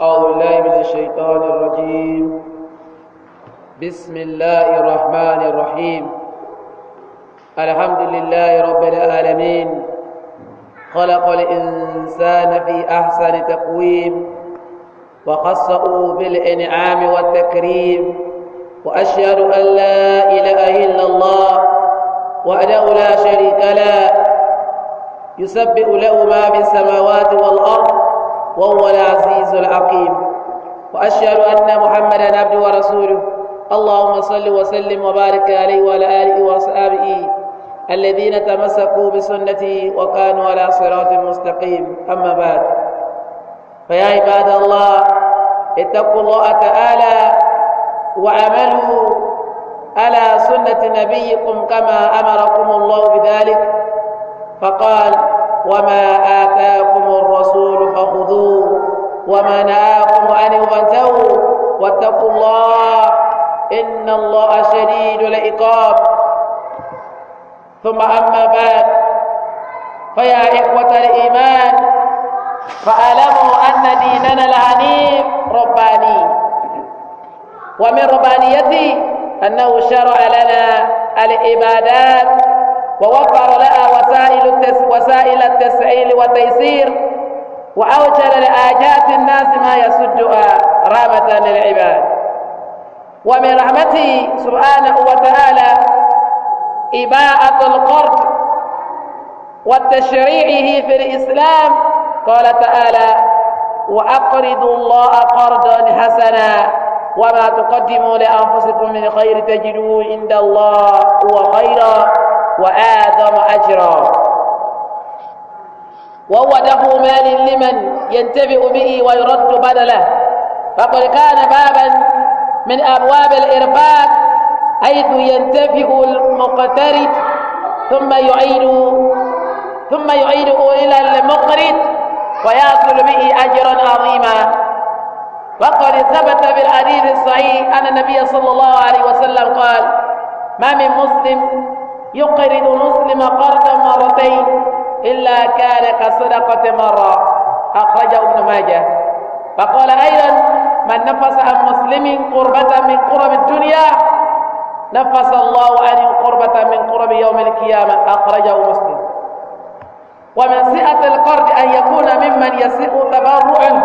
أعوذ بالله من الشيطان الرجيم بسم الله الرحمن الرحيم الحمد لله رب العالمين خلق الإنسان في أحسن تقويم وخصه بالإنعام والتكريم وأشهد أن لا إله إلا الله وأنه لا شريك له يسبح له ما في السماوات والأرض وهو العزيز العقيم وأشهد أن محمدا عبده ورسوله اللهم صل وسلم وبارك عليه وعلى آله وأصحابه الذين تمسكوا بسنته وكانوا على صراط مستقيم أما بعد فيا عباد الله اتقوا الله تعالى وعملوا على سنة نبيكم كما أمركم الله بذلك فقال وما آتاكم الرسول فخذوه وما نهاكم عنه فانتهوا واتقوا الله إن الله شديد العقاب ثم أما بعد فيا إخوة الإيمان فاعلموا أن ديننا العنيف رباني ومن ربانيته أنه شرع لنا العبادات ووفر لها وسائل التس وسائل التسعير والتيسير وأوجل لآجات الناس ما يسدها رحمة للعباد ومن رحمته سبحانه وتعالى إباءة القرض وتشريعه في الإسلام قال تعالى وأقرضوا الله قرضا حسنا وما تقدموا لأنفسكم من خير تجدوه عند الله هو خيرا وآذر أجرا وهو دفع مال لمن ينتفع به ويرد بدله فقد كان بابا من أبواب الإرباك حيث ينتفع المقترض ثم يعيد ثم يعيده إلى المقرض ويأكل به أجرا عظيما وقد ثبت في الحديث الصحيح أن النبي صلى الله عليه وسلم قال ما من مسلم يقرض مسلم قرضا مرتين إلا كان كصدقة مرة أخرجه ابن ماجه فقال أيضا من نفس عن مسلم قربة من قرب الدنيا نفس الله عنه قربة من قرب يوم القيامة أخرجه مسلم ومن سئة القرض أن يكون ممن يسيء تبرعا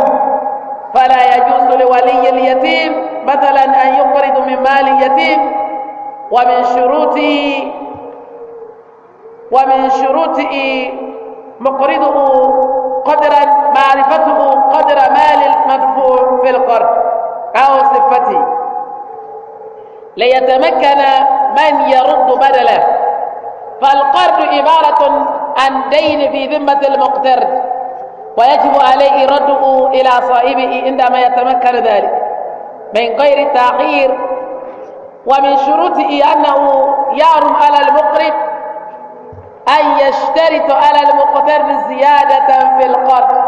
فلا يجوز لولي اليتيم مثلا أن يقرض من مال اليتيم ومن شروطه ومن شروطه مقرضه قدر معرفته قدر مال المدفوع في القرض أو صفته ليتمكن من يرد بدله فالقرض عبارة عن دين في ذمة المقترض ويجب عليه رده إلى صاحبه عندما يتمكن ذلك من غير تأخير ومن شروطه أنه يعرض على المقرض أن يشترط على المقتر زيادة في القرض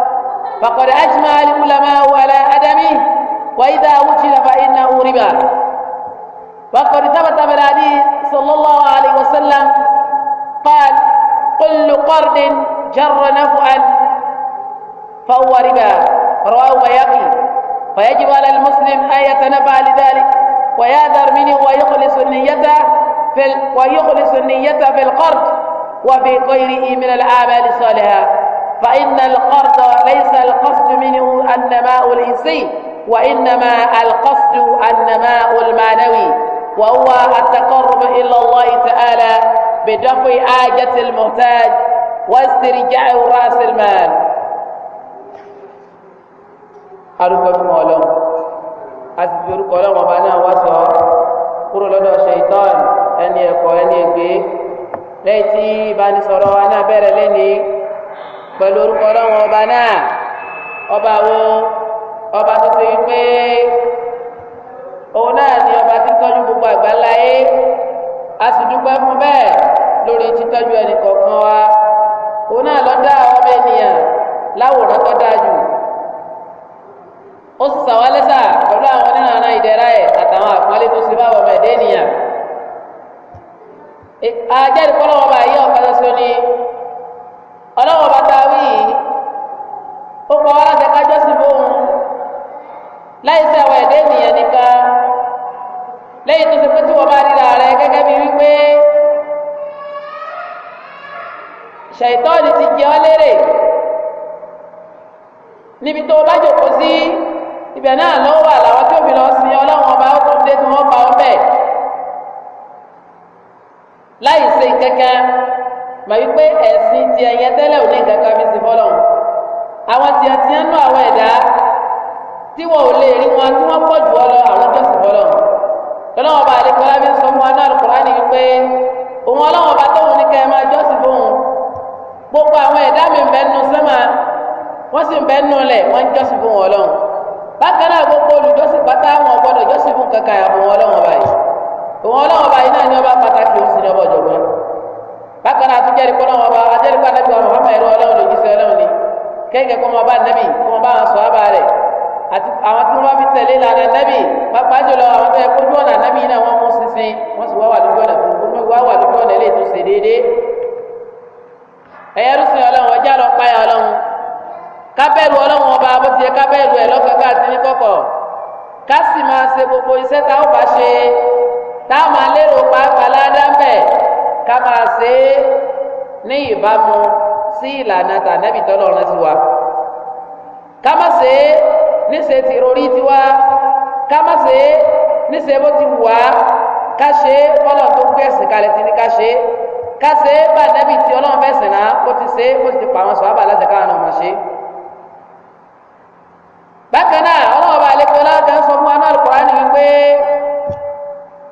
فقد أجمع العلماء على عدمه وإذا وجد فإنه ربا وقد ثبت بالحديث صلى الله عليه وسلم قال كل قرض جر نفعا فهو ربا رواه بيقي فيجب على المسلم أن يتنبه لذلك ويأذر منه ويخلص النية في ويخلص النية في القرض وفي غيره من الأعمال الصالحة فإن القرض ليس القصد منه النماء الإنسي وإنما القصد النماء المعنوي وهو التقرب إلى الله تعالى بدفع آجة المحتاج واسترجاع رأس المال arúgbó fún ọlọ́run a sì fi orúkọ ọlọ́run ọba náà wá sọ أن يكون lẹ́yìn tí ìbánisọ̀rọ̀ wa náà bẹ̀rẹ̀ lẹ́ni pẹ̀lú orúkọ ọlọ́run ọba náà ọba wo ọba tó ṣe wípé òun náà ni ọba tí tọ́jú gbogbo àgbáńlá a sì dúpẹ́ fún bẹ́ẹ̀ lórí títọ́jú ẹnì kọ̀ọ̀kan wa òun náà lọ dá ọmọ ènìyàn láwòrán tó dáa jù ó sì sàwálẹ́sà pẹ̀lú àwọn onírànà ìdẹ̀ra ẹ̀ àtàwọn àpọ́nlé tó ṣe báwọn ọmọ ẹ̀dẹ́ ènìyàn. Eh, ajẹ́rì kọ́lọ́wọ́ bá yí ọ̀pá ṣoṣo ni ọlọ́wọ́ bá ta wí ó kọ́ aláṣẹ kájọ́ sí fóun láì sí àwọn ẹ̀dẹ́ ènìyàn nìkan lẹ́yìn tó ṣe pé tí wọ́n bá ríra rẹ gẹ́gẹ́ bí wípé ṣàìtọ́ọ̀nì ti jẹ ọ́ lérè níbi tó o bá jòkó sí ibẹ̀ náà lọ́wọ́ àlàwọ́ tí òbí lọ sí ọlọ́wọ́n ọba ó tó dé tí wọ́n pa ọ́ bẹ́ẹ̀ láì ṣe kankan mà wípé ẹ̀sìn ti ẹ̀yẹ tẹ́lẹ̀ ò ní kankan fi sí fọ́lọ̀ àwọn tí a ti ń nú àwọn ẹ̀dá tí wọn ò lè rí wọn tí wọ́n pọ̀ jù ọ lọ àwọn tó sì fọ́lọ̀ lọ́nà ọba àdìpẹ́ lábẹ́ sọ fún wa náà Al-Kùránì wípé òun ọlọ́wọ́n ọba tóun ní kẹ́ẹ̀ máa jọ́sìn fóun gbogbo àwọn ẹ̀dá mi ń bẹ nínú sẹ́mà wọ́n sì ń bẹ nínú lẹ̀ wọ́n ń jọ́sìn fún wọn lọ́hùn bákan náà gbogbo olùjọ́sìn pátá wọn gbọ́dọ̀ jọ́sìn fún kankan àbò wọn lọ́hùn ọba yìí òun ọlọ́wọ́ bá iná ní ọba pàtàkì òun sì ní ọba ọ̀jọ̀gbọ́n bákan náà àtúnjẹ́ ìkọ́ náà ọba ajẹ́rìkọ́ anábì wa Muhammad ẹ̀rọ ọlọ́run lòdì sí ọlọ́run ni kéèké kọ́ ọmọ bá nẹ́bì kọ́ ọmọ bá wọn sọ ábà rẹ̀ àti àwọn tí wọ́n fi tẹ̀lé ìlànà nẹ́bì pàápàá jùlọ àwọn tó yẹ kójú ọ̀nà nẹ́bì náà wọ́n mú sísìn wọ́n sì wá wà lójú ọ̀nà tó máa ṣe gbogbo iṣẹ́ tá ó bá ṣe táwọn alérò pàápàá ládàbẹ̀ ká máa ṣe é ní ìbámu sí ìlànà tànàbì tọ́lọ̀ ọ̀ràn tiwa ká má ṣe é níṣe ti rorí tiwa ká má ṣe é níṣe bó ti wà á ká ṣe é bọ́lọ̀ tó gbé ẹ̀sìn kalẹ̀ ti ní ká ṣe é ká ṣe é bá nẹ́bì tí ọlọ́run fẹ́ sìn náà ó ti ṣe é ó sì ti pa àwọn sọ̀rọ̀ aláṣẹ káwọn ọmọ ṣe. bákan náà ọlọ́run ọba àlekọ́lá kan sọ fún wa náà Al-Qur'ani wípé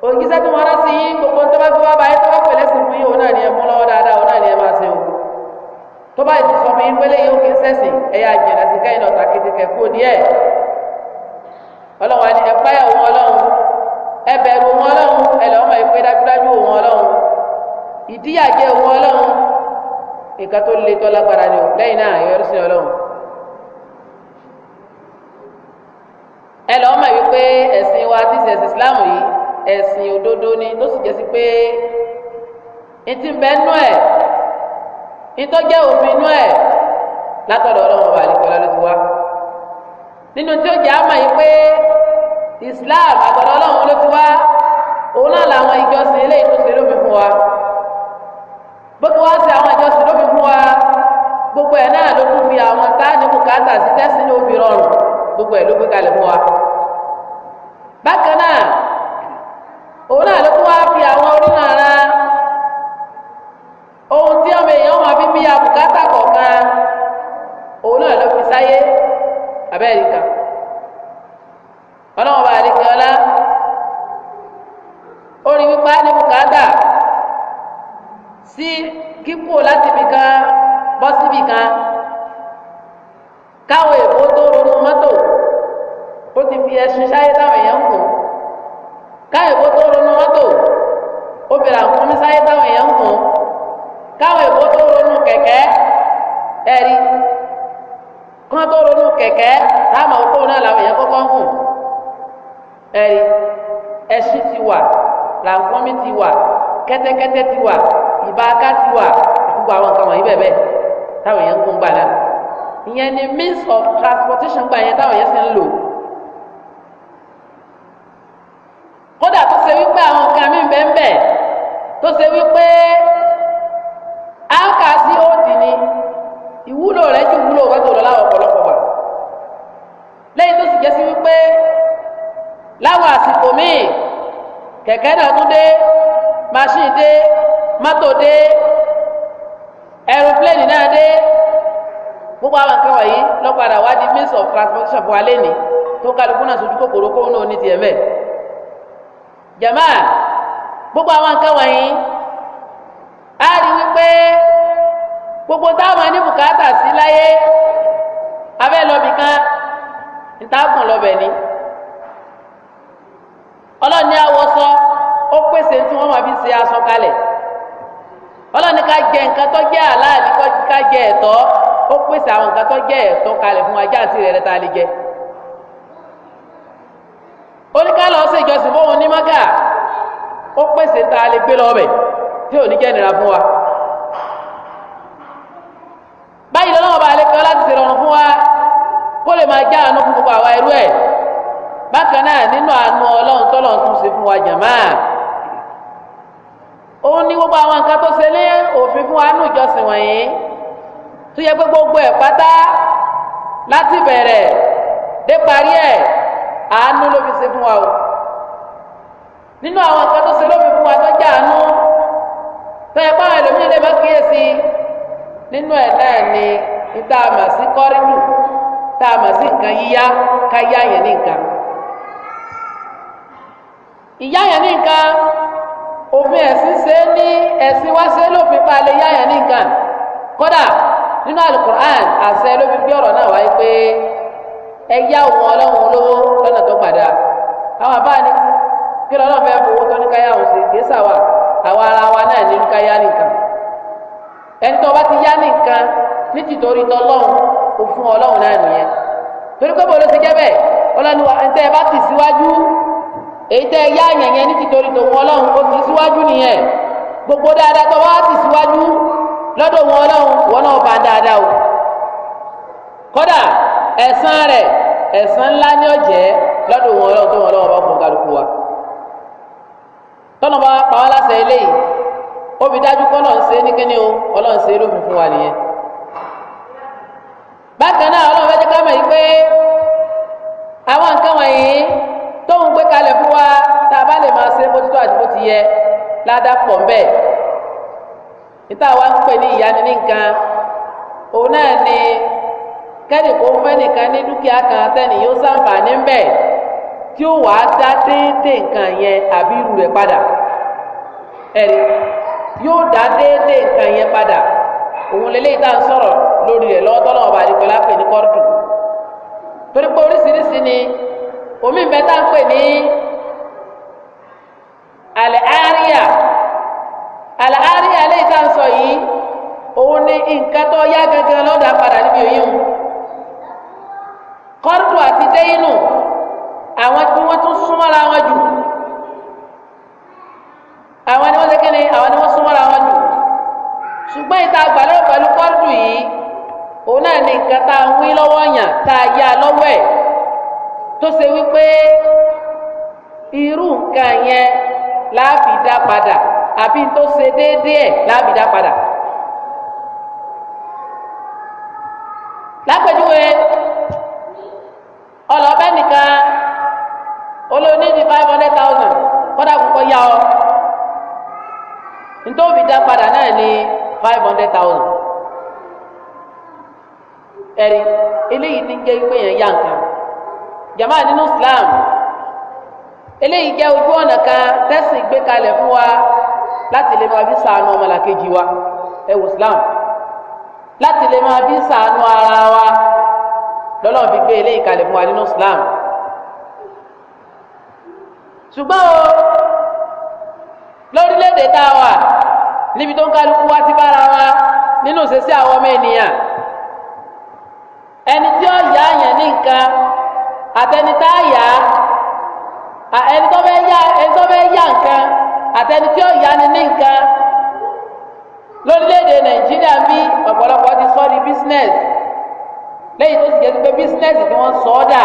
òǹkíṣẹ́ tó wọ́n rá sí yín gbogbo tó bá gbé wá báyìí tó bá pẹ̀lẹ́ sí fún yín òun náà ni ẹ mú lọ́wọ́ dáadáa òun náà ni ẹ máa ṣe o tó bá ti sọ fún yín pélé yóò kí ń sẹ́sìn ẹ̀yà àjẹ̀dá sí kẹ́yìn ọ̀tà kìtìkẹ̀ kú díẹ̀ ọlọ́run àti ẹ̀páyà òun ọlọ́run ẹbẹ̀rù òun ọlọ́run ẹlẹ́ ọmọ ìpè dájúdájú òun ọlọ́run ìdíyàjẹ òun ẹ̀sìn wa ti sẹ̀sìn Islam yìí ẹ̀sìn òdodo ni tó sì jẹ́ sí pé etí ń bẹ nú ẹ̀ ìtọ́ jẹ́ òfin nú ẹ̀ látọ̀dọ̀ ọlọ́run ọba àlekọ́lá ti wá nínú Islam àgbọ̀dọ̀ ọlọ́run ló ti wá òun náà làwọn ìjọsìn eléyìí tó ṣe fún wa bó ti wá sí àwọn ìjọsìn lómi wa gbogbo ẹ̀ náà ló kún fi àwọn táàní sí tẹ́sí ní rọrùn gbogbo ẹ̀ ló gbé kalẹ̀ fún wa ẹ̀rí kán tó ronú kẹ̀kẹ́ táwọn òkú náà làwọn èèyàn kọ́kọ́ ń gùn ẹ̀rí ẹṣin ti wà làǹkọ́mí ti wà kẹ́tẹ́kẹ́tẹ́ ti wà ìbáká ti wà gbogbo àwọn nǹkan wọ̀nyí bẹ́ẹ̀ táwọn èèyàn ń gùn gbà náà ìyẹn ni means of transportation gbà yẹn táwọn èèyàn sì ń lò kódà tó ṣe wípé àwọn nǹkan mi bẹ́ẹ̀ bẹ́ẹ̀ tó ṣe wípé áńkà sí òdì ni ìwúlò rẹ̀ ju ìwúlò wákò lọ láwọn ọ̀pọ̀lọpọ̀ wà lẹ́yìn tó sì jẹ́ sí wípé láwọn àsìkò míì kẹ̀kẹ́ náà tún dé machine dé mọ́tò dé aeroplane náà dé gbogbo àwọn nǹkan wọ̀nyí lọ́padà wá di means of transportation fún wa lẹ́ni tó kálukú náà sojú kòkòrò kóhun náà ní tiẹ̀ mẹ́ẹ̀ jama gbogbo àwọn nǹkan wọ̀nyí á rí wípé. gbogbo táwọn ní bùkátà sí láyé abẹ́ lọ́bì kan ìtàkùn lọ́bẹ̀ ni ọlọ́ni awọsọ ó pèsè tí máa fi ṣe aṣọ kalẹ̀ ọlọ́ni ká jẹ nǹkan tó jẹ́ ká jẹ ẹ̀tọ́ ó pèsè àwọn nǹkan tó jẹ́ ẹ̀tọ́ kalẹ̀ fún ajá àti rẹ̀ ta lè jẹ oníkálọ̀ ọ̀sẹ̀ ìjọsìn fóun ní mọ́gà ó pèsè ta lè gbé tí ò ní nira fún jẹ́ àánú fún gbogbo àwa irú ẹ̀ bákan náà nínú àánú ọlọ́run tọ́lọ́run tún ṣe fún wa jàmáà òun ní gbogbo àwọn nǹkan tó ṣe lé òfin fún àánú ìjọsìn wọ̀nyí tó yẹ pé gbogbo ẹ̀ pátá láti bẹ̀rẹ̀ dé parí ẹ̀ àánú ló fi ṣe fún wa o nínú àwọn nǹkan tó ṣe lófin fún wa tó jẹ́ àánú tó yẹ pé àwọn ẹlòmíín lè má kíyèsí nínú ẹ̀ náà ni ìta àmà sí kọ́rìdù tá a mà sí nǹkan yíyá ká yá yẹn ní nǹkan ìyá yẹn ní nǹkan òfin ẹ̀sìn ṣe é ní ẹ̀sìn wá ṣe é lófin pa lè yá yẹn ní nǹkan kódà nínú alukur'an àṣẹ ló fi gbé ọ̀rọ̀ náà wáyé pé ẹ yá òun ọlọ́run olówó lọ́nà tó padà àwọn àbá ni kí lọ́nà fẹ́ fowó tó ní káyà òun sí wà àwọn ara wa náà ní káyà nìkan ẹni tó bá ti yá nìkan ní tìtorí tọ́lọ́run òfin ọlọ́run náà nìyẹn torí pé bọ́ọ̀lù ti ọlọ́run ẹ̀ńtẹ́ ẹ bá ti síwájú èyí tẹ́ yá yẹ̀yẹ́ ní títorí tòun ọlọ́run ó ti síwájú nìyẹn gbogbo dáadáa tó wá ti síwájú lọ́dọ̀ wọn ọlọ́run wọn náà bá o kódà rẹ̀ ńlá ní ọ̀jẹ́ lọ́dọ̀ wọn ọlọ́run tó wọn ọlọ́run bá fún kálukú wa tọ́nà bá ó fi dájú kọ́ ọlọ́run ṣe é ní kíní o ọlọ́run ṣe é lófin fún bákan náà ọlọ́run fẹ́ jẹ́ ká mọ̀ yìí pé àwọn nǹkan wọ̀nyí tóun gbé kalẹ̀ fún wa tá a bá lè máa ṣe bótútó àti bó ti yẹ ládàpọ̀ ńbẹ níta wa ń pè ní ìyanu ní nǹkan òun náà ni kẹ́nìkó fẹ́ nìkan ní dúkìá kan tẹ́nì yóò ṣàǹfààní ńbẹ tí ó wàá dá déédéé nǹkan yẹn àbí irú rẹ̀ padà ẹ̀rí yóò dá déédéé nǹkan yẹn padà. òun lélẹ́yìí tá à ń sọ̀rọ̀ lórí rẹ̀ lọ́wọ́ tọ́lọ́ ọba àdìpẹ́ lápẹ́ ní kọ́rùdù torí pé oríṣiríṣi ni omi ń bẹ tá a ń pè ní àlẹ́ àríyá àlẹ́ àríyá lẹ́yìn tá à ń sọ yìí òun ni nǹkan tó yá gangan lọ́dà padà níbi òyìn kọ́rùdù àti déyìnù àwọn tí wọ́n tún súnmọ́ra wọn jù àwọn ni wọ́n ṣe kí ni àwọn ni wọ́n súnmọ́ra wọn jù. ṣùgbọ́n ìta àgbàlérò pẹ̀lú kọ́ńdù yìí òun náà ní nǹkan tá a ń wí lọ́wọ́ yàn tá a yá lọ́wọ́ ẹ̀ tó ṣe wípé irú nǹkan yẹn láàbìdá padà àbí tó ṣe déédéé ẹ̀ láàbìdá padà. nìkan olóníjì five hundred thousand kọ́dà púpọ̀ yá ọ ntòbi padà náà ni. five hundred thousand ẹ̀rí eléyìí ní jẹ́ pé yẹn yá nǹkan jama nínú Islam eléyìí jẹ́ ojú ọ̀nà kan tẹ́sí gbé kalẹ̀ fún wa láti lè máa fi ṣàánú ọmọlàkejì wa ẹ wò Islam láti lè máa fi ṣàánú ara wa lọ́lọ́run fi gbé eléyìí kalẹ̀ fún wa nínú Islam ṣùgbọ́n o lórílẹ̀‐èdè tá a wà níbi tó ń kálukú wá sí bára wa nínú ìṣesí àwọn ọmọ ènìyàn ẹni tí ó yá yẹn ní nǹkan àtẹni tá a yá ẹni tó fẹ́ yá ẹni tó fẹ́ yá nǹkan àtẹni tí ó yá ni ní nǹkan lórílẹ̀‐èdè nàìjíríà bí ọ̀pọ̀lọpọ̀ ti sọ di bísínẹ́sì lẹ́yìn tó sì jẹ́ pé bísínẹ́sì tí wọ́n sọ ọ́ dà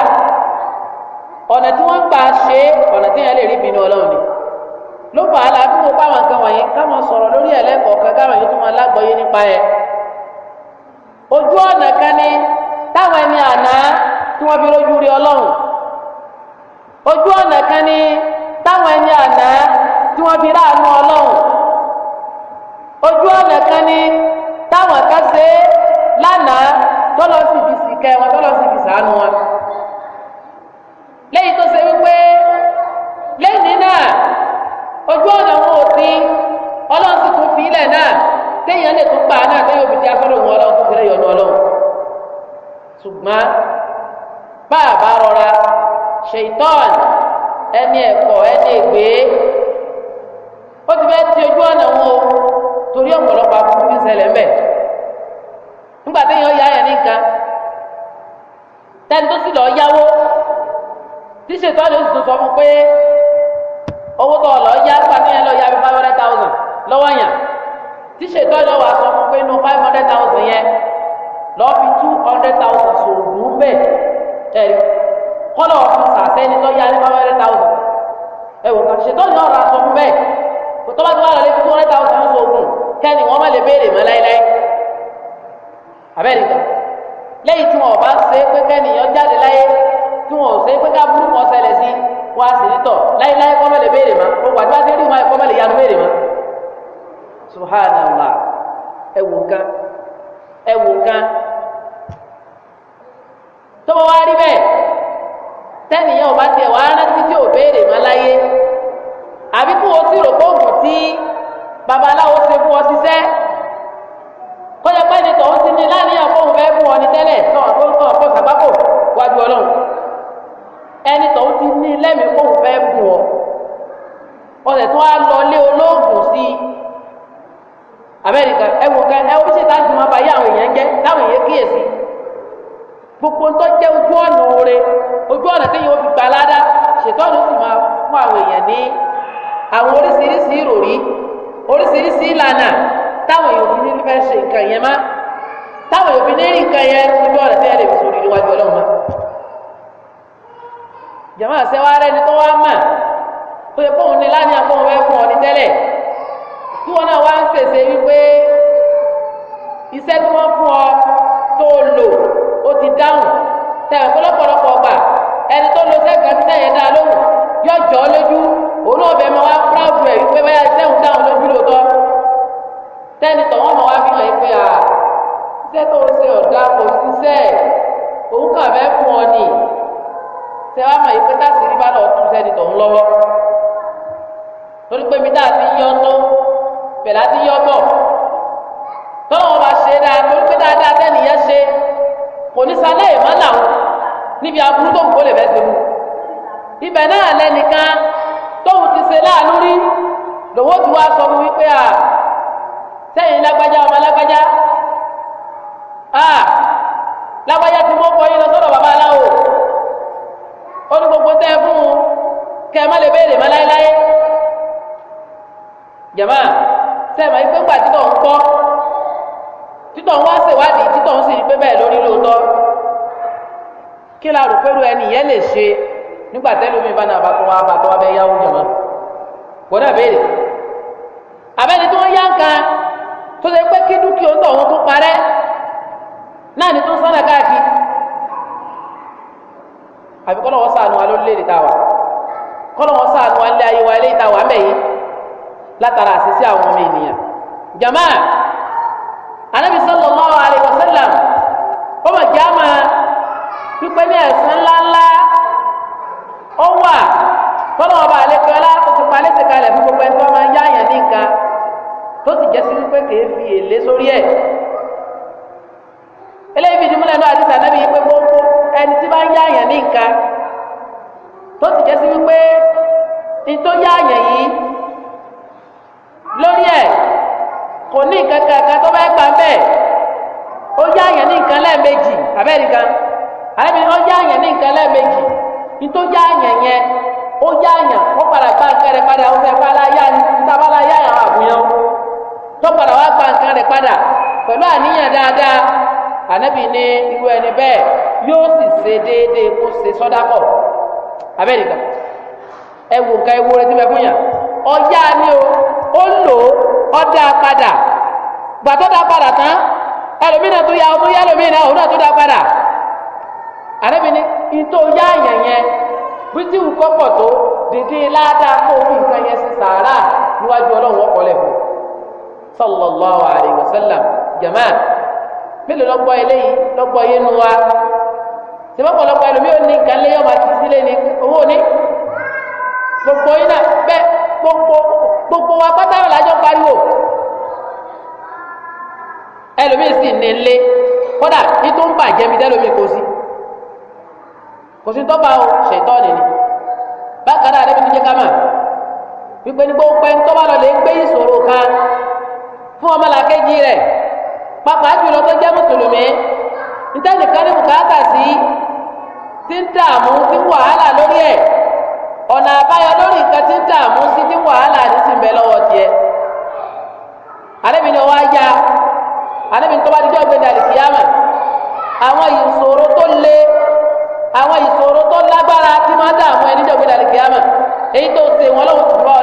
ọ̀nà tí wọ́n gbà ṣe ọ̀nà tí yẹn lè rí bínú ọlọ́run ni. ló fà á la bí mo báwọn nǹkan wọ̀nyí káwọn sọ̀rọ̀ lórí ẹ̀lẹ́kọ̀ọ́ kan yìí tún nípa ojú ọ̀nà kan ni táwọn ẹni àná tí wọ́n fi lójú rí ọlọ́run ojú ọ̀nà kan ni táwọn ẹni àná tí wọ́n fi láàánú ọlọ́run ojú ọ̀nà ni táwọn wọn ojú ọ̀nà wọn ò sí ọlọ́run sì tún fi ilẹ̀ náà téèyàn lè tún gbà á náà téèyàn òbí ti asọ́dọ̀ wọn ọlọ́run tó fi lẹ́yìn ọ̀nà ọlọ́run ṣùgbọ́n báàbá rọra ṣèitán ẹni ẹ̀kọ́ ẹni ègbé ó ti fẹ́ ti ojú ọ̀nà wọn o torí ọ̀pọ̀lọpọ̀ àbúrò ti ṣẹlẹ̀ mẹ́ nígbà téèyàn yá ẹ̀ nìkan tẹ́ni tó sì lọ́ọ́ yáwó tíṣètọ́ ló sì sọ fún pé owó tó lọ yá pàmì ẹ lọ yá bí five hundred thousand lọ́wọ́ yàn tí ṣètò ìlọ́wọ́ aṣọ fún pé inú five hundred thousand yẹn lọ́ọ́ fi two hundred thousand sòògùn bẹ́ẹ̀ ẹ̀rí kọ́lọ̀ ọ̀fun sàṣẹ́ni tó yá five hundred thousand ẹ̀wọ̀n kan ṣètò ìlọ́wọ́ aṣọ fún bẹ́ẹ̀ kò tọ́ba tó wà lọ lé two hundred thousand sòògùn kẹ́ni wọ́n má lè béèrè mọ́ láéláé abẹ́rẹ́ ìgbà lẹ́yìn tí wọn ò bá ṣe é pé kẹ́niyàn jáde láyé tí wọn ò ṣe é pé wá sí nítọ̀ láíláí kọ́mẹ́lẹ̀ béèrè mọ́ o wà níwájú rí wọn kọ́mẹ́lẹ̀ yanu béèrè mọ́ subhanallah ẹ wò nǹkan ẹ wò nǹkan tọ́wọ́ wá rí bẹ́ẹ̀ tẹ́nìyàn ò bá tiẹ̀ wá rántí tí ò béèrè mọ́ láyé àbí kó o sì rò pé oògùn tí babaláwo ṣe fún ọ ṣiṣẹ́ kọ́jà pẹ́ẹ́nì tó ń ti ní láàrin àpò òun fẹ́ fún ọ ní tẹ́lẹ̀ tó ń tó ń tó ń sàgbákò wájú ọlọ́run ẹni tó ti ní lẹ́mìí kó fẹ́ bù ọ ọ̀sẹ̀ tó wá lọ lé olóògùn sí amẹ́ríkà ẹ̀wọ̀n kan ẹ̀ ó sì láti máa àwọn èèyàn jẹ́ láwọn èèyàn kíyèsí gbogbo ń tọ́ ojú ọ̀nà oore ojú ọ̀nà téèyàn ó fi gba aládá ṣètọ́nù sì máa fún àwọn èèyàn ní àwọn oríṣiríṣi ìròrí oríṣiríṣi ìlànà táwọn èèyàn òfin ní ṣe nǹkan yẹn má táwọn èèyàn òfin ní yẹn ojú ọ̀nà téèyàn lè fi sórí níwájú ọlọ́run jàmá àṣẹwá rẹ ni tó wá mà ó yẹ fóun ní láàyè àpòun wẹ́ fún ọ ní tẹ́lẹ̀ tí wọn náà wá ń ṣèṣe wípé iṣẹ́ tí wọ́n fún ọ tó lò ó ti dáhùn tẹ̀wọ̀n pé lọ́pọ̀lọpọ̀ ẹni tó lo sẹ́kàn tí sẹ́yìn dáa lóhùn yọ jọ́ lójú òun náà bẹ̀ mọ́ wá púráùdù ẹ̀ wípé báyà sẹ́hùn dáhùn lójú lóòótọ́ tẹ́ni tọ̀ wọ́n mọ̀ wá fi hàn yín pé à iṣẹ́ tó ń ṣe ọ̀dà kò ṣiṣẹ́ òun kàn fẹ́ fún ọ nìyí ṣé wàá mọ̀ yìí pé táàsì rí bá lọ tún sẹ́ni tó ń lọ́wọ́ torí pé mi táà ti yọ tó bẹ̀lá ti yọ bọ̀ tọ́wọ́n bá ṣe dáa torí pé dáadáa tẹ́nìyẹn ṣe kò ní sálẹ̀ ìmọ̀ làwọn níbi aburú tó ń kó lè fẹ́ ṣe mú ibẹ̀ náà lẹ́nìkan tóun ti ṣe láàánú rí lòwó tí wàá sọ fún wípé à sẹ́yìn lágbájá ọmọ lágbájá à lágbájá tí wọ́n kọ́ yín lọ sọ́dọ̀ bàbá aláwo. ó ní gbogbo tẹ́ fún un kẹ́ ẹ má lè béèrè má láéláé jàmá sẹ́ẹ̀mà yìí pé títọ̀ ń kọ́ títọ̀ ń wá ṣèwádìí títọ̀ ń sì rí pé bẹ́ẹ̀ lórí lóòótọ́ kí la rò abe ẹni yẹn lè ṣe nígbà tẹ́lómi bá bá tó wá bá tó wá bẹ́ yáwó jàmá gbọ́dọ̀ béèrè àfi kọ́nà wọn sànù wa lórílẹ̀‐èdè tá a wà kọ́nà wọn sànù wa lé ayé wa ilé ìta wà mẹ́yìn látara àṣìṣe àwọn ọmọ ènìyàn jama anabi sallallahu alayhi wa sallam ọmọ jama pípẹ́ ní ẹ̀sán ńláńlá ó wà kọ́nà ọba àlekọ́ ẹlá tó ti palẹ́ ti kalẹ̀ fún gbogbo ẹni tó máa ń yáyàn ní nǹkan tó sì jẹ́ sí wípé kèé fi èlé sórí ẹ̀ eléyìí fìdí múlẹ̀ náà àdìsá náà bí pé gbogbo ẹni tí bá ń yá àyàn ní nǹkan tó sì jẹ́ sí wípé ní tó yá àyàn yìí lórí ẹ̀ kò ní nǹkan kankan tó bá gbà bẹ́ẹ̀ ó yá àyàn ní nǹkan lẹ́ẹ̀mejì abẹ́rẹ́ nǹkan àbẹ́rẹ́ ó yá àyàn ní nǹkan lẹ́ẹ̀mejì ní tó yá àyàn yẹn ó yá àyàn ó padà gbá nǹkan rẹ̀ padà ó fẹ́ bá aláyá ní tábàláyá àwọn àbúyán tó padà wá gbá nǹkan rẹ̀ padà pẹ̀lú àníyàn dáadáa ànábì ní irú ẹni bẹ́ẹ̀ yóò sì se déédéé kó ṣe sọ́dákọ̀ abẹ́nìkà ẹ wò nǹkan ewu rẹ ti bẹ fún yàn ọjà ni o ó lò ó ọdá padà gbàtọ́ dá padà tán ẹlòmínà tó ya ọmọ yá ẹlòmínà òun náà tó dá padà ànábì ní ìtò yá àyàn yẹn bí tí wù kọ́pọ̀ tó dédé ládàá kó omi nǹkan yẹn sí sàárà níwájú ọlọ́run ọkọ̀ lẹ́kọ̀ọ́ sallallahu alaihi wasallam jama'a mélòó lọ́gbọ́ eléyìí lọ́gbọ́ yé nu wa tìmọ́pọ̀lọpọ̀ ẹlòmíì ò ní nǹkan lé yọ̀ọ́ àti sílé ni owó ní gbogbo yín náà bẹ́ẹ̀ gbogbo gbogbo wa pátá náà lájọ́ pariwo ẹlòmíì sì ní lé kódà ní tó ń bàjẹ́ mi tẹ́lòmíì kò sí kò sí tọ́ba o ṣètọ́ nìyí bákan náà adébítí jẹ́ ká mà wípé ní gbogbo ẹni tọ́ba lọ lè gbé ìṣòro kan fún ọmọlàkejì rẹ̀. pàápàá jùlọ tó jẹ́ mùsùlùmí nítẹ́nìkan ní ka sí tí ń dààmú tí ń wàhálà lórí ẹ̀ ọ̀nà àbáyọ lórí nǹkan tí ń dààmú sí ń wàhálà ní ti ń bẹ lọ́wọ́ tiẹ̀ alẹ́mi ni ọwọ́ ajá alẹ́mi tó bá dijọ́ gbẹdẹ àlìkíyàmà àwọn ìṣòro tó le àwọn ìṣòro tó lágbára máa dààmú èyí tó ṣe wọn lọ́wọ́ tó bá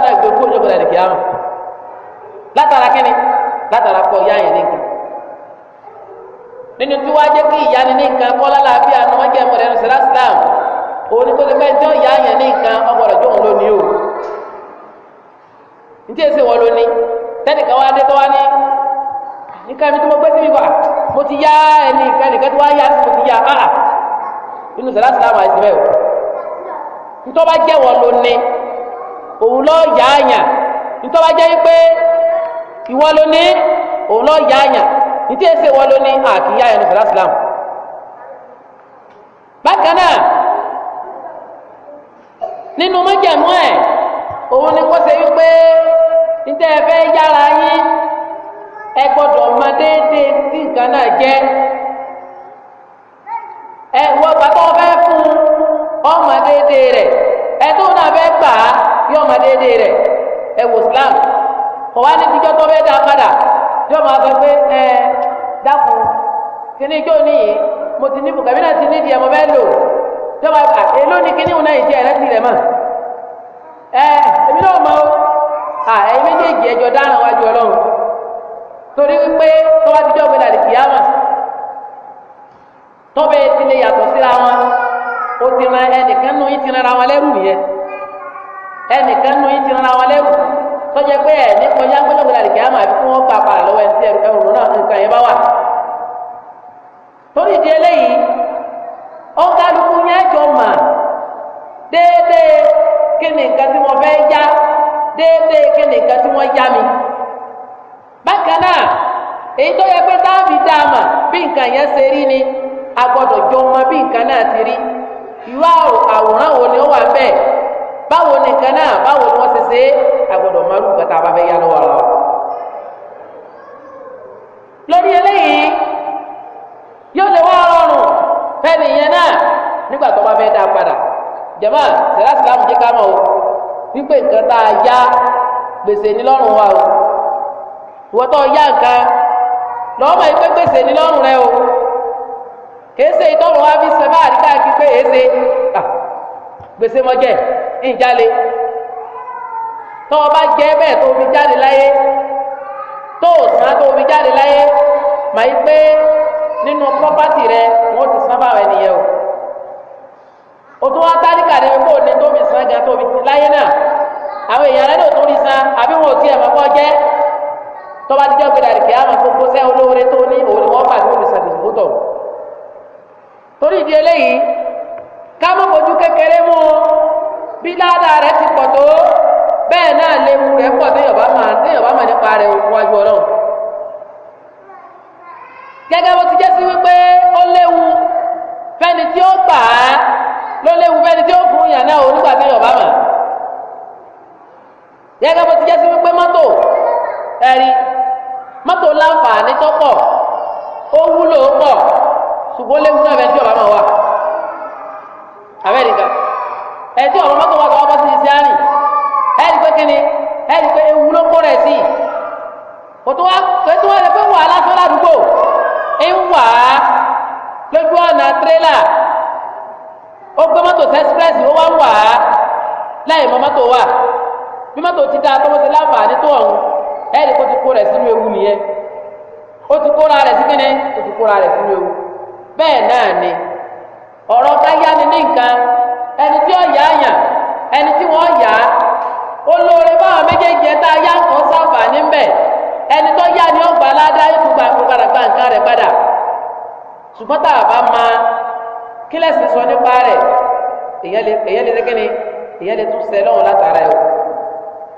nínú tí wàá jẹ́ kí ìyá ni ní nǹkan kọ́ lálàáfíà ni wọ́n jẹ́ mọ̀lẹ́ ní sẹ́lá islam òní kó ti fẹ́ jọ́ ìyá yẹn ní nǹkan ọgbọ̀dọ̀ jóun lónìí o ní tí èsì wọn lónìí tẹ́nìkan wá dé tó wá ní nǹkan mi tí mo gbé síbi wà mo ti yá ẹni nǹkan nìkan tí wàá yá mo ti yá áà ah! nínú sẹ́lá àìsí bẹ́ẹ̀ o ntọ́ba jẹ́ wọ́n lónìí òun lọ́ọ́ yá àyàn ntọ́ba jẹ́ wípé ìwọ lónìí òun lọ́ọ́ yá àyàn. ní tí wọn ló ní àkíyá ẹni sọlá bákan náà nínú òun ni wọ́n ṣe wípé níta ẹ ebe yára yín ẹ gbọdọ mọ déédéé tí nǹkan náà jẹ́ ẹ wọ bàtọ́ fẹ́ fún ọmọ déédéé náà gbà á yọ ọmọ déédéé ẹ ní tó dá padà dákun kíní ijó níyì mo ti ní bùkà mí náà ti ní ìdíyẹ mo fẹ́ lò tọ́ba ẹ̀ èló ni kíní ìwọ̀n náà ìjẹ́ ẹ̀rẹ́ ti rẹ̀ mọ̀ ẹ̀ èmi náà mọ̀ à ẹ̀yin méjèèjì ẹjọ́ dáràn wájú ọlọ́run torí wípé tọ́ba ti jọ́ ògbé làlè kìyàmà tọ́ba ti lè yàtọ̀ síra wọn ó ti ran ẹnìkan nù yín ti ran ara wọn lẹ́rù nìyẹn ẹnìkan nù yín ti ran ara wọn lẹ́rù tọ́jà pé ẹ̀ ní kọjá pé lọ́gbọ̀dá lè kí á máa fi kí wọ́n pa àpàrà lọ́wọ́ ẹni tí ẹ̀rù náà nǹkan yẹn bá wà. torí ìdí eléyìí ọ̀kadùnkù yẹn jọ mà déédéé kí ni nǹkan tí wọ́n fẹ́ yá déédéé kí ni nǹkan tí wọ́n yá mi. bákan náà èyí tó yẹ pé táàbì dáa mà bí nǹkan yẹn ṣe rí ni a gbọ́dọ̀ jọ mọ bí nǹkan náà ti rí ìwà àwòrán wo ni ó wà bẹ́ẹ̀ báwo ni nǹkan náà báwo ni wọ́n ṣe agbọ́dọ̀ máa lù kàtà bá fẹ́ yá lọ́wọ́ ara wa. lórí eléyìí yóò lè wá rọrùn fẹ́mi yẹn náà nígbà tó bá fẹ́ dá padà jama sẹ́lá sìlámù jẹ́ ká mọ̀ o wípé nǹkan tá a yá gbèsè ní lọ́rùn wa o ìwọ́tọ̀ yá nǹkan lọ́wọ́ mọ̀ pé gbèsè ní lọ́rùn rẹ o kìí ṣe ìtọ́rùn wa fi ṣe báàrí káàkiri pé èé ṣe gbèsè mọ́jẹ́ ìjálè tó o bá jẹ́ bẹ́ẹ̀ tó o fi jáde láyé tó o san tó o fi jáde láyé mà yí pé nínú pọ́pátì rẹ wọ́n ti san báwọn ẹnìyẹn o o tún wá tálíkà rẹ kó o ní tó fi san gan tó o fi ti láyé náà àwọn èèyàn rẹ ló tún rí san àbí wọn ò tiẹ̀ mọ́ kọ́ jẹ́ tó o bá ti jẹ́ òkè dàrí kí á máa gbogbo sẹ́ olóore tó ní òun ni wọ́n bá tó fi san gbèsè tó torí ìdí eléyìí ká mọ̀ fojú kékeré mú bí ládàá rẹ ti pọ̀ tó. bẹ́ẹ̀ náà léwu rẹ̀ pọ̀ téèyàn bá máa bá máa nípa rẹ̀ wájú ọlọ́run gẹ́gẹ́ bó ti jẹ́ sí wípé ó léwu fẹ́ni tí ó gbà á ló léwu fẹ́ni tí ó fún yàn náà onígbà bá mọ̀ gẹ́gẹ́ bó ti jẹ́ sí wípé mọ́tò ẹ̀rí mọ́tò láǹfààní tó pọ̀ ó wúlò ó pọ̀ ṣùgbọ́n léwu náà fẹ́ni tí máa wà ẹ̀ tí mọ́tò wà ẹ̀rí pé kíni ẹ̀rí pé ewu ló kó rẹ̀ sí i òtún wá ètò wọn lè pé wà lásán ládùúgbò ń wà á lójú ọ̀nà tírélà ó gbé mọ́tò sẹ́sprẹ́sì ó wá ń wà á lẹ́yìn mọ́ mọ́tò wà bí mọ́tò ti da tó mọ́tò láǹfààní tó ọ̀hún ẹ̀rí kó ti kó rẹ̀ sínú ewu nìyẹn ó ti kóra rẹ̀ sí kíni ó ti kóra rẹ̀ sínú ewu bẹ́ẹ̀ náà ni ọ̀rọ̀ ká yá ni ní nǹkan ẹni tí ó yá yàn ẹni tí wọ́n yá á olóore báwọn méjèèjì ẹta yá nǹkan sáǹfààní ń bẹ ẹni tó yá ni ó gbà ládá ikú gba àpò padà gba nǹkan rẹ̀ padà ṣùgbọ́n tá a bá máa kílẹ̀sì sọ nípa rẹ̀ èyẹ lè rẹ́gẹ́ni èyẹ lè tún sẹ́ lọ́wọ́ látara ẹ̀ o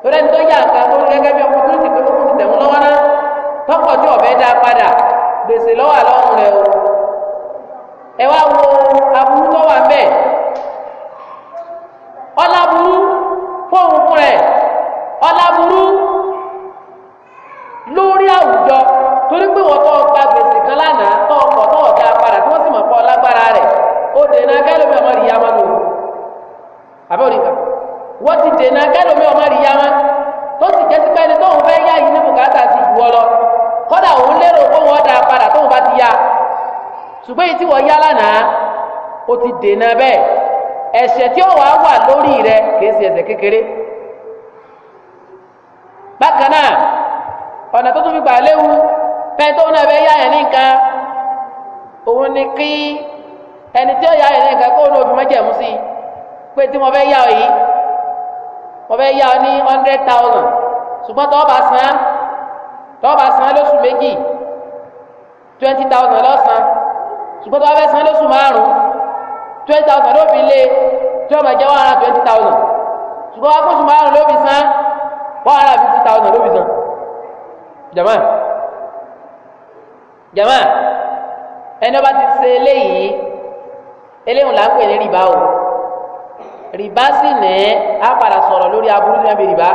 torí ẹni tó yá nǹkan tó gẹ́gẹ́ bí ọkùnrin tó ti pé kókó ti tẹ̀ wọ́n lọ́wọ́ náà tọ́pọ̀ tí ọ̀bẹ dá padà gbèsè lọ́wọ́ àlọ́run rẹ̀ o ẹ wá wo aburú tó wà fóun fún rẹ̀ ọ̀làbùrú lórí àwùjọ torí pé wọ́n tọ́ gba gbèsè kan lánàá tọ́ ọkọ̀ tọ́ ọ̀dà apára tí wọ́n sì mọ̀ pọ̀ lágbára rẹ̀ ó dènà gẹ́lómi ọmọ wọ́n ti dènà gẹ́lómi ọmọ rìyá máa tó sì jẹ́ sí pé ẹni fẹ́ yá yìí ní bùkátà ti ọ lọ kọ́dà òun lérò pé wọ́n apára bá ti yá ṣùgbọ́n èyí tí wọ́n yá lánàá ti dènà bẹ́ẹ̀ ẹ̀ṣẹ̀ tí ó wàá wà lórí rẹ kìí ẹ̀ṣẹ̀ kékeré bákan ọ̀nà tó tún fi gbà léwu pẹ́ẹ́n náà fẹ́ yá nǹkan òun ni kí ẹni tí ó yá ẹ̀ nǹkan kó ní obì mọ́jẹ̀mú sí pé tí mo fẹ́ yá ọ yìí mo fẹ́ yá ọ ní hundred thousand ṣùgbọ́n tọ́ san tọ́ san twenty thousand ló fi lé tí ọmọ jẹ́ one hundred twenty thousand ṣùgbọ́n akóṣù márùn ló fi san one hundred fifty thousand ló fi san jama jama ẹni ọba ti ṣe eléyìí eléyìí là ń pè ní rìbá o rìbá sì ní á padà sọ̀rọ̀ lórí aburú tí wọ́n fi rìbá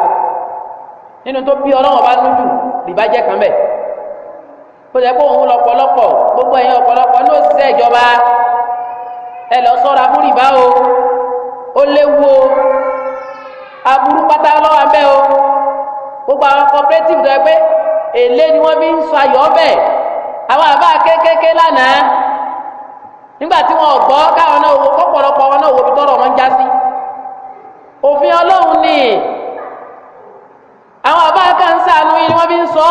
nínú tó bí ọlọ́wọ́n bá lójú rìbá jẹ́ kan bẹ́ẹ̀ kó jẹ́ pé òun lọ́pọ̀lọpọ̀ gbogbo ẹ̀yin ọ̀pọ̀lọpọ̀ ní òṣìṣẹ́ ìjọba. ẹ lọ fún o ó léwu o aburú pátá lọ́wọ́ abẹ́ o gbogbo àwọn cooperative tó yẹ pé èlé ni wọ́n fi ń sọ ayọ̀ ọbẹ̀ àwọn àbá kéékèèké lánàá nígbà tí wọn ọ gbọ́ káwọn náà wo kọ́pọ̀lọpọ̀ wọn náà wo ibi wọn já sí òfin ọlọ́run ni àwọn àbá ni wọ́n fi ń sọ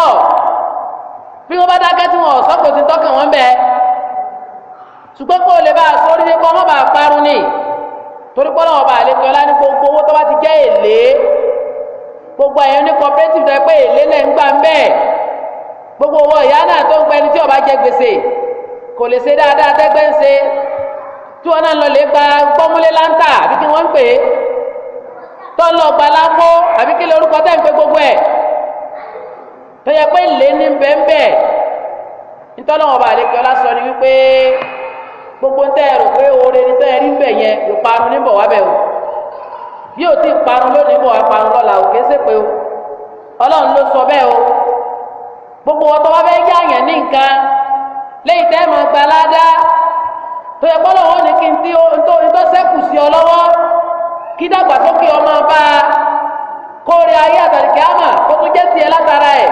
bá dákẹ́ tí wọn sí ṣùgbọ́n kó o lè bá a sórí ní kó ọmọ bá a parun ní torí pọ́lọ́ ọba àlejò ọlá ní gbogbo owó tó bá ti jẹ́ èlé gbogbo àyẹ̀wò ní cooperative tó yẹ pé èlé náà ń gbà ń bẹ́ẹ̀ gbogbo owó ìyá náà tó ń pẹ́ ní tí ọba jẹ gbèsè kò lè ṣe dáadáa tẹ́gbẹ́ ń ṣe tí wọn náà lọ lè gba gbọ́múlé láńtà àbí kí wọ́n ń pè é tọ́lọ̀ gba lápò àbí kí lórúkọ tẹ́ ń pè gbogbo ẹ̀ tó yẹ pé lé ní bẹ́ẹ̀ bẹ́ẹ̀ nítorí wọn bá àlekè ọlá sọ ni wípé gbogbo ntẹ rò pé oore ni tẹ rí bẹ yẹn ìparun níbọ̀ wá bẹ̀ o bí o ti parun lónìí bọ̀ wá parun lọ́la o kése pé o ọlọ́run ló sọ bẹ́ẹ̀ o gbogbo ọtọ́ wa bẹ́ẹ̀ yá yẹn ní nǹkan lẹ́yìn tẹ́ máa gba ládá tó yẹ kọ́lọ̀ wọn ní kí n tí tó ń tó sẹ́kù sí ọ lọ́wọ́ kí dàgbàsókè ọmọ bá a kóore ayé àtàlìkẹ́ àmà kó jẹ́ tiẹ̀ látara ẹ̀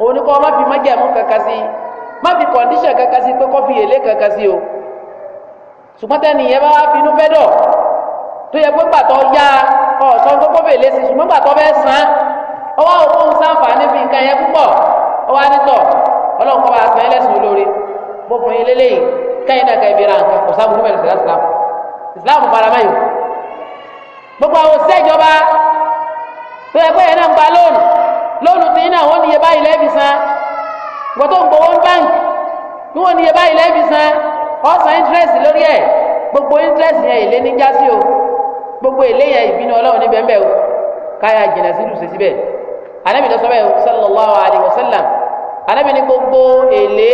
òun ni kọ́ ọ má fi májẹ̀mú kankan sí má fi kọ̀ǹdíṣàn kankan sí pé kọ́ fi èlé kankan sí o ṣùgbọ́n tẹ́ni yẹn bá wá bínú fẹ́ dọ̀ tó yẹ pé gbàtọ́ yá ọ̀sán tó kóbè lé sí ṣùgbọ́n gbàtọ́ bẹ́ẹ̀ sàn án ọwọ́ òkun sáǹfààní fi nǹkan yẹn púpọ̀ ọwọ́ anítọ̀ ọlọ́run kọ́ bá a sàn ẹlẹ́sìn olóore bókùnrin eléyìí kẹ́yìn náà kẹ́yìn bíra nǹkan ọ̀sán burúkú mẹ́rin sẹ́lá islam islam farama yìí gbogbo àwọn òṣìṣẹ́ ìjọba tó yẹ pé yẹn náà ń gba lóònù lóònù tí iná àwọn oníyẹ báyìí lẹ́ẹ̀bì san gbọ́tò ń gbowó ń báǹkì bí wọ́n oníyẹ báyìí lẹ́ẹ̀bì san ọ̀sán interest lórí ẹ̀ gbogbo interest yẹn èlé ní jásí o gbogbo èlé yẹn ìbínú ọlọ́run ní bẹ́ẹ̀ o káyà jìnnà sí ìlú sẹ́síbẹ̀ anábì tó sọ́bẹ̀ sallallahu alayhi wa sallam anábì ní gbogbo èlé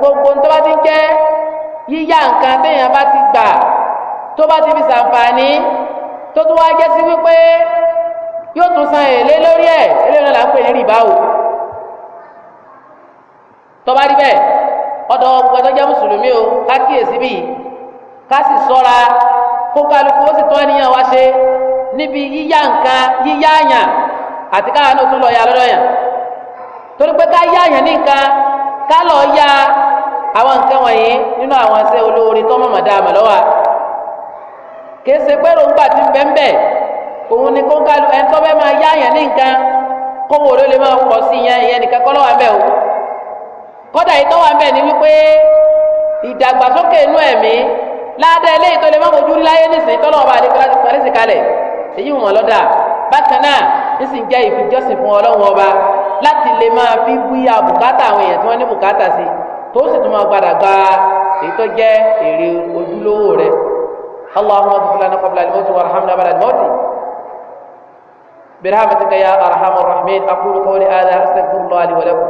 gbogbo tó bá ti jẹ́ yíyá nǹkan téèyàn bá ti gbà tó bá ti fi sàǹfààní tó tún wá jẹ́ sí wípé yóò tún san èlé lórí ẹ̀ eléyìí náà là ń pè ní rìbá o tó rí bẹ́ẹ̀ ọ̀dọ̀ gbogbo ẹ̀dọ́jà mùsùlùmí o ká kíyèsí bíi ká sì sọ́ra kó kálukú ó sì tọ́ ẹnìyàn wá ṣe níbi yíyá nǹkan yíyá àyàn àti káwa náà tún lọ ya lọ́dọ̀ yàn torí pé ká yá àyàn ní nǹkan ká lọ ya àwọn nǹkan wọ̀nyí nínú àwọn iṣẹ́ olóore tó mọ̀mọ́ dáa mọ̀ lọ́wọ́ kìí ṣe pé rògbà ti ń bẹ́ẹ̀ bẹ́ẹ̀ òun ni kó kálukú ẹni tó máa yá àyàn ní nǹkan kó wò lè máa pọ̀ sí yẹn ìyẹn nìkan kọ́ lọ́wọ́ abẹ́ o kódà ìtọ́ wa bẹ́ẹ̀ ni wípé ìdàgbàsókè inú ẹ̀mí ládàá eléyìí tó lè má fojú láyé nísìnyí tọ́lọ́ ọba àdékọ́ láti parí sí kalẹ̀ èyí wọn lọ́dà bákan náà nísìn jẹ́ ìfijọ́sìn fún ọlọ́run ọba láti lè máa fi wíyà bùkátà àwọn èèyàn tí wọ́n ní bùkátà sí tó sì tún máa padà gba èyí tó jẹ́ èrè ojúlówó rẹ̀ allahumma ti filana qabla al-mawti warhamna ba'da برحمتك يا ارحم الراحمين اقول قولي هذا استغفر الله لي ولكم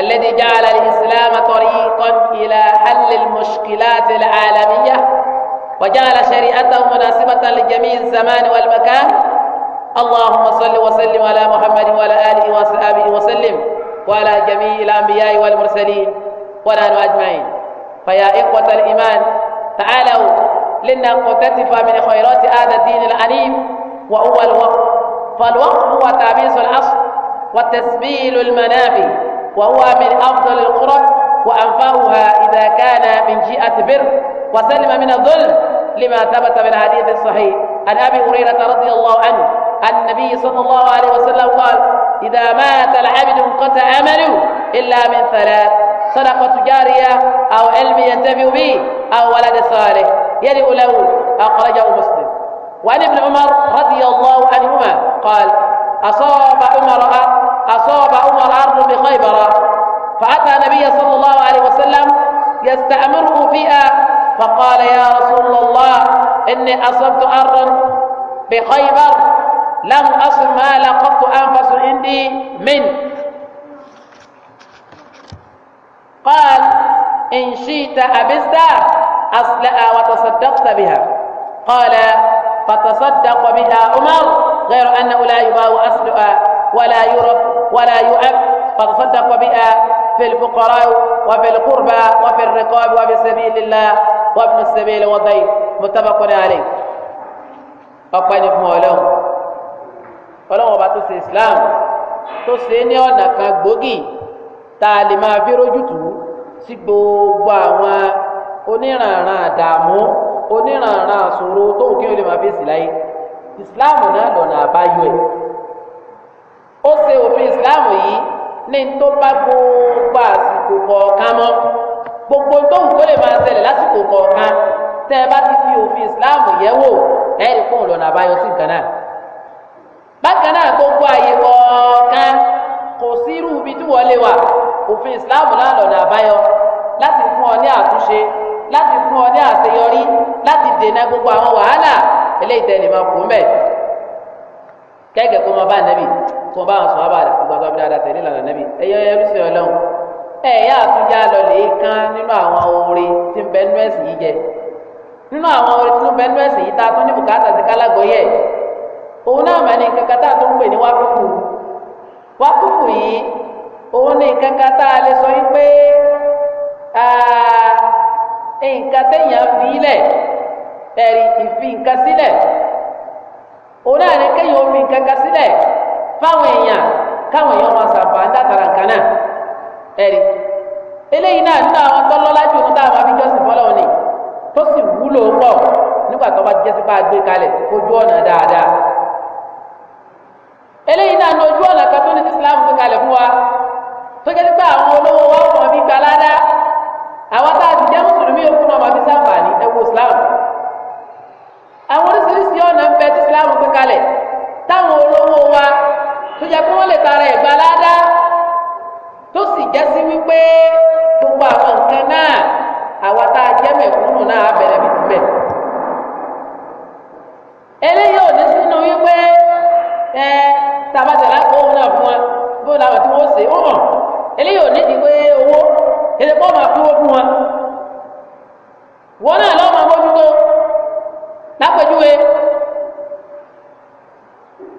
الذي جعل الإسلام طريقا إلى حل المشكلات العالمية وجعل شريعته مناسبة لجميع الزمان والمكان اللهم صل وسلم على محمد وعلى آله وصحبه وسلم وعلى جميع الأنبياء والمرسلين ونحن أجمعين فيا إخوة الإيمان تعالوا لنا قتتف من خيرات هذا الدين العنيف وهو الوقت فالوقت هو تعبيس الأصل وتسبيل المنافي وهو من أفضل القرب وأنفعها إذا كان من جئة بر وسلم من الظلم لما ثبت من الحديث الصحيح عن أبي هريرة رضي الله عنه عن النبي صلى الله عليه وسلم قال إذا مات العبد انقطع عمله إلا من ثلاث صدقة جارية أو علم ينتفع به أو ولد صالح يلئ له أخرجه مسلم وعن ابن عمر رضي الله عنهما قال أصاب عمر أصاب أمر الأرض بخيبر فأتى النبي صلى الله عليه وسلم يستأمره فيها فقال يا رسول الله إني أصبت أرضا بخيبر لم أصل ما لقبت أنفس عندي منه قال إن شئت أبزت أصلأ وتصدقت بها قال فتصدق بها عمر غير أنه لا يباع أصلأ ولا يرب ولا يؤب قد صدق بها في الفقراء وفي القربى وفي الرقاب وفي سبيل الله وابن السبيل والضيف متفق عليه ọpẹ́ ni fún Ọlọ́run Ọlọ́run ọba tó ṣe Islam tó ṣe ní ọ̀nà kan gbòógì tá a lè máa fi rójútùú sí gbogbo àwọn oníranran àdààmú oníranran àṣòro tó kí n lè máa fèsì láyé Islam náà lọ́nà àbáyọ ẹ̀ ó ṣe òfin ìsìláàmù yìí ní tó bá gbogbo àsìkò kọ̀ọ̀kan mọ́ gbogbo tó ń kó lè máa ṣẹlẹ̀ lásìkò kọ̀ọ̀kan tẹ́ ẹ bá ti fi òfin ìsìláàmù yẹ̀ wò ẹ rí fún ìlànà àbáyọ sí nǹkan náà bákan náà gbogbo àyè kọ̀ọ̀kan kò sí irú ibi tí wọ́n lè wà òfin ìsìláàmù náà lọ̀nà àbáyọ láti fún ọ ní àtúnṣe láti fún ọ ní àṣeyọrí láti dènà gbogbo àwọn wàhálà eléyìí tẹ́ máa kú mẹ́ kẹ́gẹ́ kó máa bá nẹ́bì tó bá wọn sọ wábà rẹ gbogbo àgbà dáadáa tẹ̀lé lànà nàbì ẹyẹ ẹyẹ bí sọ Ọlọ́run ẹ yá àtúnjá lọ lè kán nínú àwọn orin tí ń bẹ nú ẹsìn yìí jẹ nínú àwọn orin tí ń bẹ nú ẹsìn yìí tá a tún ní bùkátà sí kálágbó yẹ òun náà mà ní kankan tá a tún pè ní wákùkù wákùkù yìí òun ní kankan tá a lè sọ yìí pé nǹkan téèyàn fi lẹ̀ ẹ̀rí ìfi nǹkan sílẹ̀ òun náà ní kéèyàn fi nǹkan kan sílẹ̀ fáwọn èèyàn káwọn èèyàn máa sàǹfà látara nǹkan náà ẹ̀rí eléyìí náà nínú àwọn tó lọ́lá jù ní táwọn abíjọ́ sì fọ́lọ́ ni tó sì wúlò pọ̀ nígbà tó bá jẹ́ sí bá a gbé kalẹ̀ ojú ọ̀nà dáadáa eléyìí náà ní ojú ọ̀nà kan tó ní Islam gbé kalẹ̀ fún wa tó jẹ́ pé àwọn olówó wa ọmọ bíi gbalada àwọn tá a ti jẹ́ mùsùlùmí òkú náà máa fi sáǹfààní ẹ̀wọ̀ Islam àwọn oríṣiríṣi ọ̀nà ń bẹ tí Islam gbé kalẹ̀ táwọn olówó wa tó jẹ́ pé wọ́n lè tara ẹ̀gbà ládá tó sì jẹ́ sí wípé gbogbo àwọn nǹkan náà àwa tá a jẹ́ náà eléyìí ò ní sínú wípé ẹ tàbátàlá òun náà fún wa bó làwọn tí wọ́n ṣe ó hàn eléyìí ò owó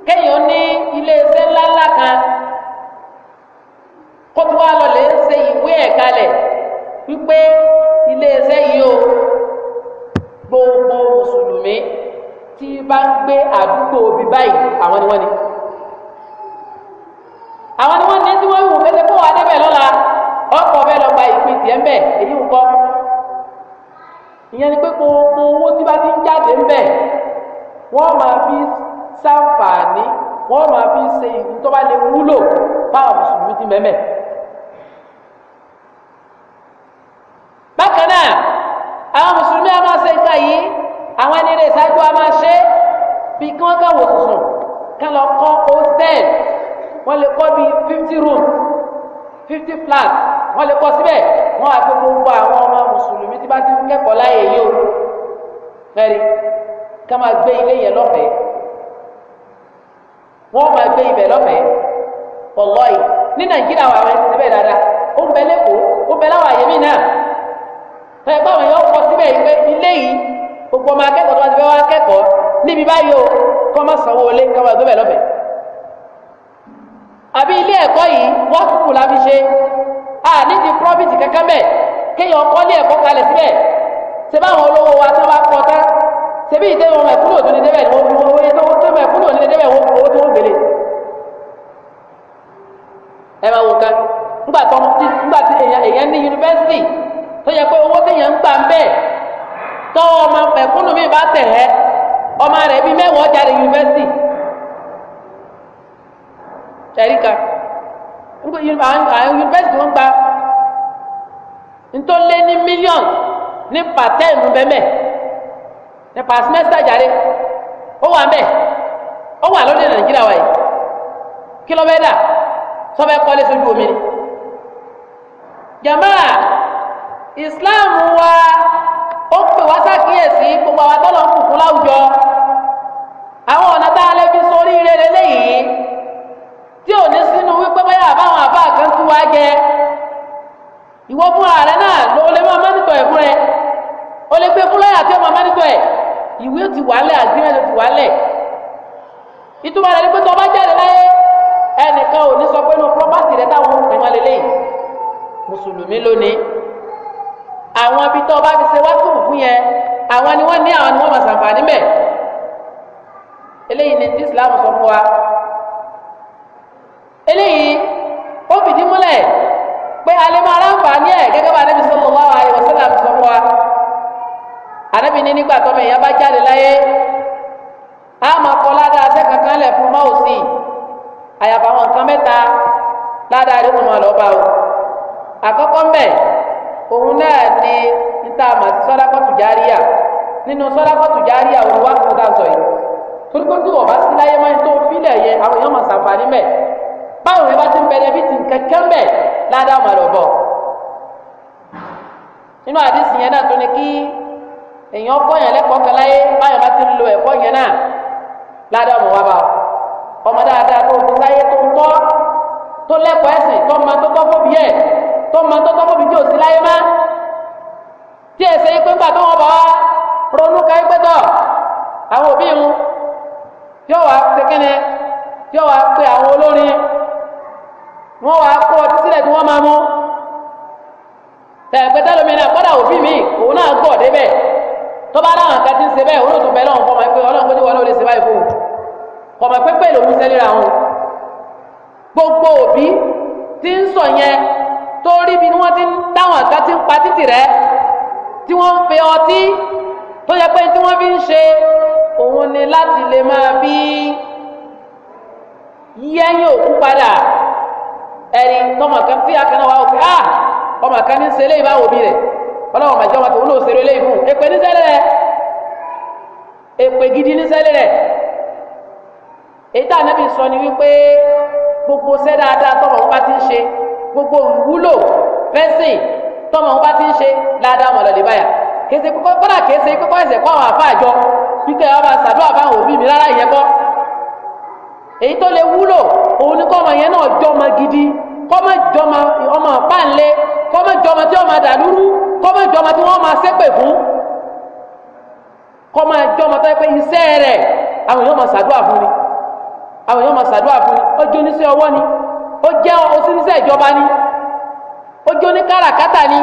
kéèyàn ní iléeṣẹ́ ńláńlá kan kó tó wá lọ lè ṣe ìwé ẹ̀ kalẹ̀ wípé iléeṣẹ́ yìí o gbogbo mùsùlùmí tí bá ń gbé àdúgbò òbí báyìí àwọn ni wọ́n ni àwọn ni wọ́n ní tí wọ́n wù kété kó wà débẹ̀ lọ́la ọkọ̀ bẹ́ẹ̀ lọ gba ìpín tiẹ̀ ń bẹ̀ èyí ń kọ́ ìyẹn ni pé gbogbo owó tí bá ti ń jáde ń bẹ̀ wọ́n máa fi sáǹfààní wọ́n máa fi ṣe ìlú tó bá lè wúlò báwọn mùsùlùmí ti mẹ́mẹ́. bákan náà àwọn mùsùlùmí a máa ṣe nǹkan yìí àwọn ẹni rẹ̀ ṣáájú a máa ṣe bí kí wọ́n kàn wò sùn kí wọ́n lọ kọ́ hostel wọ́n lè kọ́ bí fifty rooms fifty flats wọ́n lè kọ́ síbẹ̀ wọ́n á gbé gbogbo àwọn ọmọ mùsùlùmí tí bá ti ń kẹ́kọ̀ọ́ láyé yìí o mẹ́rin ká máa gbé ilé yẹn lọ́fẹ̀ẹ́ wọ́n máa gbé ibẹ̀ lọ́fẹ̀ẹ́ wọlọyì ní nàìjíríà wà wọn ẹsẹ bẹ́ẹ̀ dáadáa ó ń bẹ lẹkọọ ó bẹ láwọn àyẹmí náà tẹ báwọn yóò kọ síbẹ̀ ìgbé ilé yìí gbogbo ọmọ akẹ́kọ̀ọ́ tó bá ti fẹ́ wá kẹ́kọ̀ọ́ níbi báyìí o kọ́ má sanwó olé kọ́ máa gbé bẹ̀ lọ́fẹ̀ẹ́ àbí ilé ẹ̀kọ́ yìí wọ́n sùkùl la fi ṣe a nídìí prọ́fìtì kankan bẹ́ẹ̀ kéèyàn kọ́ ní ẹ̀kọ́ kalẹ̀ síbẹ̀ ṣe báwọn olówó wa tó bá kọ́ tán ṣe bí ìdẹ́wọ̀n ẹ̀kúrò tó bẹ̀ kúrò nílé débẹ̀ owó tí wọ́n gbélé ẹ máa wò kan nígbà tó nígbà tí èèyàn ní yunifásitì tó yẹ pé owó téèyàn ń gbà ń bẹ̀ tọ́ ọmọ mẹ̀kúnnù mi bá tẹ̀ ẹ́ ọmọ rẹ̀ bíi mẹ́wàá jáde yunifásitì tẹ̀ríkà àwọn yunifásitì wọn gba ntọ́lé ní mílíọ̀n ní pàtẹ́ẹ̀nù bẹ́mẹ̀ nípa símẹ́sítà jáde ó wà mẹ́ẹ̀ ó wà lóde nàìjíríà wáyé kí ló fẹ́ dà sọ́fẹ́ kọ́lé sójú omi ni jàmbá islam wa ó ń pè wá sákìyèsí gbogbo àwọn tọ́lọ̀ ń kùkú láwùjọ àwọn ọ̀nà tá a lè fi sórí rere léyìí tí ò ní sínú wípé bóyá àbáwọn àbá kan tú wá jẹ ìwọ fún ààrẹ náà ló lè máa mánítọ̀ ẹ̀ fún rẹ o lè gbé fúláyà tí ó máa mánítọ̀ ẹ̀ ìwé ti wà lẹ̀ àgbẹ̀rẹ̀ ti wà lẹ̀ ìtumọ̀ rẹ̀ ni pé tó bá jáde láyé ẹnìkan ò ní sọ pé inú property rẹ táwọn ń pè wọn lélẹ́yìn mùsùlùmí lónìí àwọn ibi tó bá fi ṣe wá sùn fún yẹn àwọn ni wọ́n ní àwọn ni wọ́n máa ṣàǹfààní mẹ́ eléyìí ni tí Islam sọ fún wa eléyìí ó fìdí múlẹ̀ pé alẹ́ máa ráǹfààní ẹ̀ gẹ́gẹ́ bá anábì sallallahu alaihi wasallam sọ fún wa anábì ní nígbà tọ́mọ ìyá bá jáde láyé. a máa kọ ládàá sẹ́ kankan lẹ̀ fún máòsì àyàfà àwọn nǹkan mẹta ládàá rí o òun náà ni níta nínú járíà òun wá kó a sọ yìí torí máa ń tó fílẹ̀ yẹn àwọn èèyàn máa báwo ni bá ti ń bí ti ládàá máa lọ nínú àdìsí yẹn náà tó ní kí èèyàn kọ́ yẹn lẹ́kọ̀ọ́ ládàá mọ̀ wá bá ọ ọmọ dáadáa tó fi sáyé tó ń kọ́ tó lẹ́kọ̀ọ́ ẹ̀sìn tó máa tó kọ́ fóbi ẹ̀ tó máa tó kọ́ fóbi tí ò sí láyé má tí ẹ̀sẹ̀ yìí pé ńgbà tó wọ́n bá wá ronú ká ẹgbẹ́ tọ̀ àwọn òbí mu tí ó wàá ṣe kíni tí ó wàá pe àwọn olórin wọ́n wàá kó ọtí sílẹ̀ tí wọ́n máa mú tẹ̀gbẹ́tẹ́ náà kọ́dà òbí mi òun náà gọ̀ débẹ̀ tọ́ba aláwọn kan ti ń ṣe bẹ́ẹ̀ olóòtú bẹ́ẹ̀ lọ́wọ́ kọ́mọ pé ọlọ́run kó ní wọlé olè ṣe báyìí fóun kọ́mọ pé pé lòún sẹ́ léra wọn gbogbo òbí ti ń sọ yẹn torí bí wọ́n ti ń táwọn kan ti ń pa títì rẹ tí wọ́n ń fi ọtí tó yẹ pé tí wọ́n fi ń ṣe òun ni láti lè máa bí yíyẹ́yìn òkú padà ẹni tọmọ kan fi àkànnà wa òkè ah ọmọ kan ní ṣẹlẹ̀ ìbáwò bí rẹ̀ ọlọ́run màjọ wọn tó wọn lò ṣeré lé ìfún èpè nísẹ́lẹ̀ rẹ̀ èpè gidi nísẹ́lẹ̀ rẹ̀ èyí tá ànábì sọ ni wípé gbogbo sẹ́ dáadáa tọ́mọ̀ wọn bá ti ń ṣe gbogbo ìwúlò fẹ́sìn tọ́mọ̀ wọn bá ti ń ṣe ládàá mọ̀lẹ́lẹ́ báyà kèsè kókó kódà kèsè kókó ẹsẹ̀ kó àwọn àfa àjọ wípé ẹ ọba ṣàdúrà fáwọn òbí mi rárá ìyẹn kọ́ èyí tó lè wúlò òun ni kọ́ ọmọ yẹn náà jọ́ ọmọ gidi kọ́mọ jọmọ ọmọ páńlé kọ́mọ jọmọ tí wọ́n máa dà lúrú kọ́mọ jọmọ tí wọ́n máa ṣépè fún kọ́mọ jọmọ tó yẹ pé iṣẹ́ rẹ̀ àwọn èèyàn máa ṣàdúrà fún ni àwọn èèyàn máa ṣàdúrà fún ni ó jẹ́ oníṣẹ́ ọwọ́ ni ó jẹ́ oṣiṣẹ́ ìjọba ni ó jẹ́ oníkàràkátà ni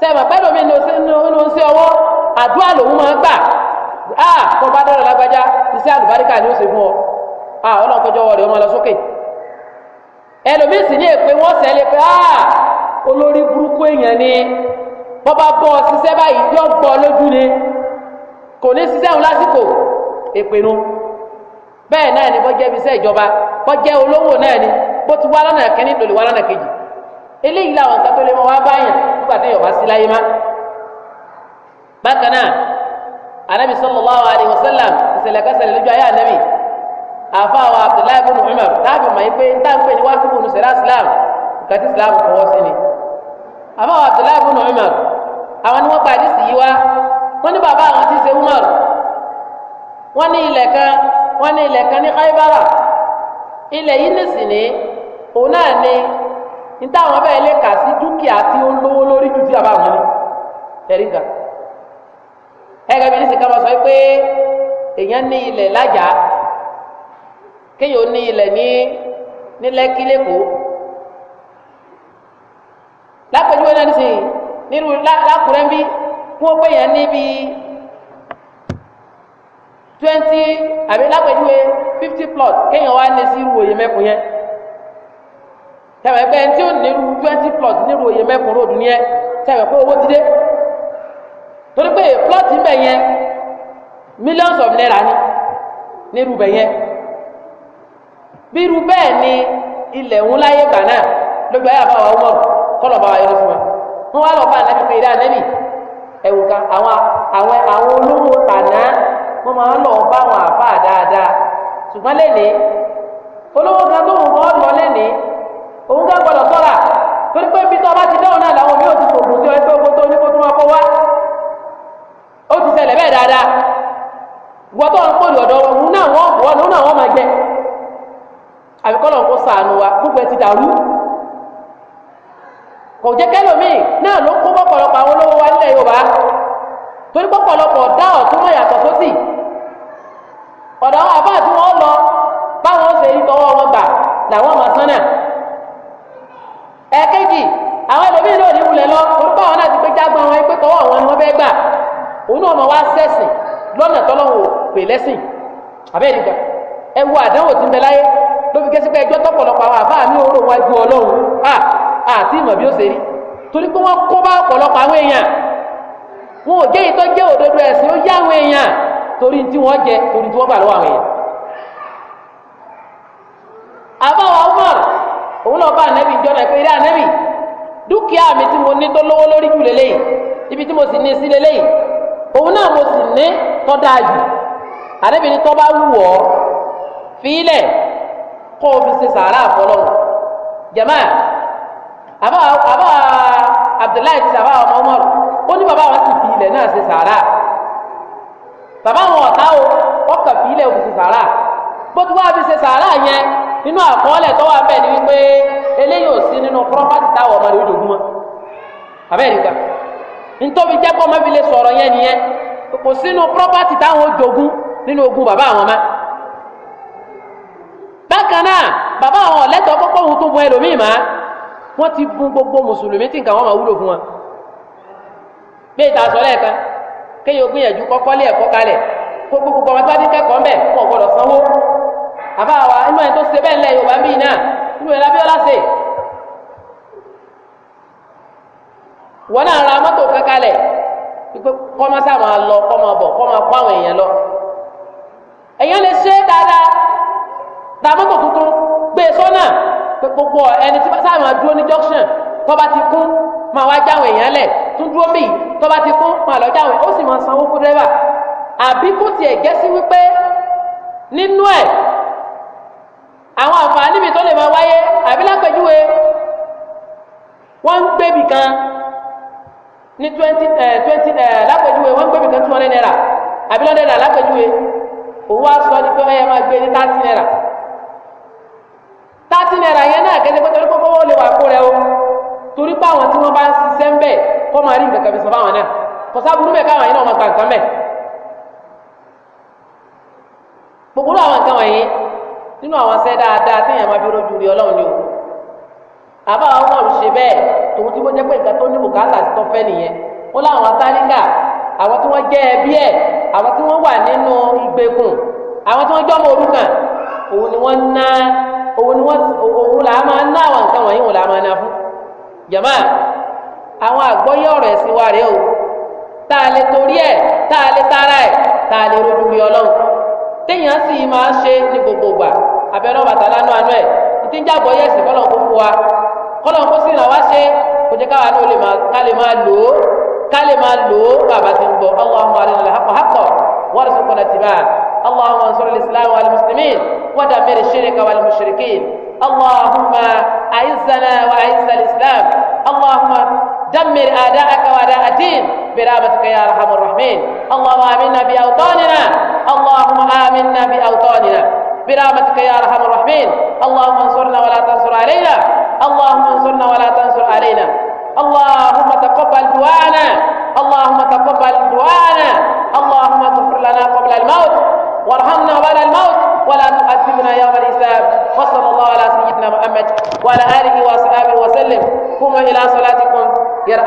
sẹ́mi pẹ́lú mi ní oṣiṣẹ́ ọwọ́ àdúrà lòun máa gbà á ah, kọ́ bá dọ́rọ̀ lágbájá iṣẹ́ àlùbáríkà ni ó ṣe fún ọ ah, ọlọ́run kọjọ́ wọ rẹ̀ ọmọ lọ sókè ẹlòmíì sì ní èpè wọn sẹ lè pé ah olórí burúkú èèyàn ni wọn bá bọ ọ ṣiṣẹ́ báyìí yọ gbọ lójú ni kò ní ṣiṣẹ́ òun lásìkò èpè nu bẹ́ẹ̀ náà ni bọjẹ ibi iṣẹ́ ìjọba bọjẹ olówó náà ni bó ti wá lọ́nà kẹ́ni lòlè wá lọ́nà kejì eléyìí làwọn nǹkan tó lè mọ wá báyàn nígbà téèyàn bá sí láyé má bákan náà anabi sallallahu alayhi wa sallam ìṣẹ̀lẹ̀ kẹsẹlẹ lójú ayé anabi àfa wa abdullahi bin umar táàbì mọ̀ pé n táàbì pé ní wákìtí bùnú sẹ̀rá islam nǹkan tí islam fọwọ́ sí ni àmọ́ abdullahi bin umar àwọn ni wọ́n pa àdìsí yìí wá wọ́n ní bàbá àwọn tí ń ṣe umar wọ́n ní ilẹ̀ kan wọ́n ní ilẹ̀ kan ní khaibara ilẹ̀ yìí nìsíní òun náà ni ní táwọn bẹ́ẹ̀ lè kà sí dúkìá tí ó lówó lórí ju ti bàbá àwọn ni ẹ̀rí nǹkan ẹ̀ka bí ní sìkà máa sọ pé èèyàn ní ilẹ̀ lájà kéèyàn ó ní ilẹ̀ ní ní lẹ́kí lẹ́kọ̀ọ́ lápẹjúwe náà nísìnyí nínú lákùrẹ́ ń bí wọ́n pè yẹn níbi twenty àbí lápẹjúwe fifty plot kéèyàn wá ní sí irú òye mẹ́kùn yẹn tẹ̀wẹ̀ pé ẹni tí ó ní irú twenty plot nírú òye mẹ́kùn ròdù ni ẹ tẹ̀wẹ̀ pé owó ti dé torí pé plot ń bẹ̀ yẹn millions of naira ni nírú bẹ̀ yẹn. bírú bẹ́ẹ̀ ni ilẹ̀ ń láyé gbà náà lójú ayé àbáwá ọmọdù bá wa yọrọ fún wọn wá lọ bá pé ìdá ẹ̀wù àwọn àwọn àwọn olówó àná wọn máa ń lọ bá àwọn àbá dáadáa ṣùgbọ́n lẹ́nìí olówó kan tó wù kọ́ lọ lẹ́nìí òun kan gbọdọ̀ sọ́ra torí pé ọba ti dáhùn náà làwọn ò ti sí ọ ẹgbẹ́ ogun tó ní sànù wa gbogbo ẹ ti dàrú kò jẹ́ kẹ́lòmíì náà ló kó pọ̀pọ̀lọpọ̀ àwọn olówó wa nílẹ̀ Yorùbá torí pọ̀pọ̀lọpọ̀ dá ọ̀tún mọ̀ yàtọ̀ tó sì ọ̀dọ̀ àwọn àbá tí wọ́n lọ báwọn ṣe rí tọwọ́ wọn gbà làwọn ọmọ sán náà ẹ̀ẹ́kejì àwọn ẹlòmíì náà ní wulẹ̀ lọ pé jágbọ́n wọn pé tọwọ́ wọn ni wọ́n fẹ́ gbà òun fi kẹ́sí pé ẹjọ́ tọ́pọ̀lọpọ̀ àwọn àbá mi ò rò wájú ọlọ́run àti ìmọ̀ bí ó ṣe rí torí pé wọ́n kó bá ọ̀pọ̀lọpọ̀ àwọn èèyàn wọn ò jẹ́ ìtọ́ jẹ́ òdodo ẹ̀sìn ó yá àwọn èèyàn torí tí wọ́n jẹ torí tí wọ́n gbà lọ́wọ́ àwọn èèyàn. àbáwọ̀ Umar òun náà bá ànẹ́bì jọ́nà pé eré ànẹ́bì dúkìá mi tí mo ní tó lówó lórí jù lélẹ́yìn ibi tí mo sì ní sí lélẹ́yìn òun náà mo sì ní tọ́ dáa jù ànẹ́bì ni tọ́ bá wù ọ́ fi kó o fi ṣe sàárà àfọlọ́run jẹ̀mọ́ àbá àbá Abdullahi ti sàbá ọmọ ọmọ rẹ ó ní bàbá wọn ti fi ilẹ̀ náà ṣe sàárà bàbá wọn ọ̀tá o wọ́n kàn fi ilẹ̀ òfin ṣe sàárà bó ti wá fi ṣe sàárà yẹn nínú àkọọ́lẹ̀ tó wà bẹ́ẹ̀ ni wípé eléyìí ò sí nínú pọ́rọ́pátì táwọn ọmọ rẹ ó dògún mọ́ àbẹ́ẹ̀ nìkan nítorí jẹ́ kọ́ ọmọ fi lè sọ̀rọ̀ yẹn nìyẹn kò sínú pọ́rọ́pátì táwọn ó jogún nínú ogún bàbá àwọn máa. bákan náà bàbá àwọn ọ̀lẹ́tọ̀ pọ́pọ́ ohun tó bọ ẹlòmí má wọ́n ti bún gbogbo mùsùlùmí tí nǹkan wọn ma wúlò fún wọn. bí ìtàṣọ́lẹ̀ kan lẹ́ẹ̀kan kéèyàn gbìyànjú kọ́kọ́ ẹ̀kọ́ kalẹ̀ wa ta mọ́tò tuntun gbé e sọ́nà gbogbo ẹni tí sáà máa dúró ní junction tó bá ti kún máa wá jáwé èèyàn lẹ̀ tún dúró mí tó bá ti kún máa lọ jáwé ó sì máa sanwó fún dẹ́rẹ́bà àbí kò tiẹ̀ gẹ́ sí wípé nínú ẹ̀ àwọn àǹfààní mi tó lè máa wáyé àbí lápẹjúwe wọ́n ń gbébì kan ní twenty eh, twenty eh, lápẹjúwe wọ́n ń gbébì kan two hundred naira àbí lọ́dẹ̀ lápẹjúwe òun wá sọ ní pé ẹ máa gbé ní thirty naira. t'ati náírà yẹn náà kẹ́sẹ́ pé torí kókó wọ́n lè wà kó rẹ o torí pé àwọn tí wọ́n bá ń ń bẹ̀ kó máa rí nǹkan fi sọ fáwọn náà kọsá sábúrú mẹ́ káwọn yẹn náà máa gba nǹkan àwọn nǹkan wọ̀nyí nínú àwọn ṣẹ́ dáadáa tí máa fi rojú rí ni o àbá àwọn ọmọ bẹ́ẹ̀ tòun tí wọ́n jẹ́ pé nǹkan tó ní bùkátà fẹ́ nìyẹn ó láwọn àwọn tí wọ́n jẹ́ ẹbí ẹ̀ òun ni wọ́n òun là á máa ná àwọn nǹkan wọ̀nyí òun là á máa ná fún jàmá àwọn àgbọ́yé ọ̀rọ̀ ẹ̀sìn wa rèé o tá a lè torí ẹ̀ tá a lè tara ẹ̀ tá a lè rojú rí ọlọ́run téèyàn sì máa ń ṣe ní gbogbo ìgbà abẹ́rẹ́ ọ̀bàtà lánàá àánú ẹ̀ ìtí ń jábọ̀ yẹ̀ sí kọ́lọ́n kó fún wa kọ́lọ́n kó sì ràn wá ṣe kó jẹ́ káwa náà ká máa lò ó ká máa lò ó bàbá ti ń bọ̀ Allahumma اللهم انصر الإسلام والمسلمين ودمر الشرك والمشركين اللهم أعزنا وأعز الإسلام اللهم دمر أعداءك وأعداء الدين برحمتك يا أرحم الراحمين اللهم آمنا بأوطاننا اللهم آمنا بأوطاننا برحمتك يا أرحم الراحمين اللهم انصرنا ولا تنصر علينا اللهم انصرنا ولا تنصر علينا اللهم تقبل دعانا اللهم تقبل دعانا اللهم اغفر لنا قبل الموت وارحمنا بعد الموت ولا تؤذبنا يوم الحساب وصلى الله على سيدنا محمد وعلى اله وصحبه وسلم قوموا الى صلاتكم يرحم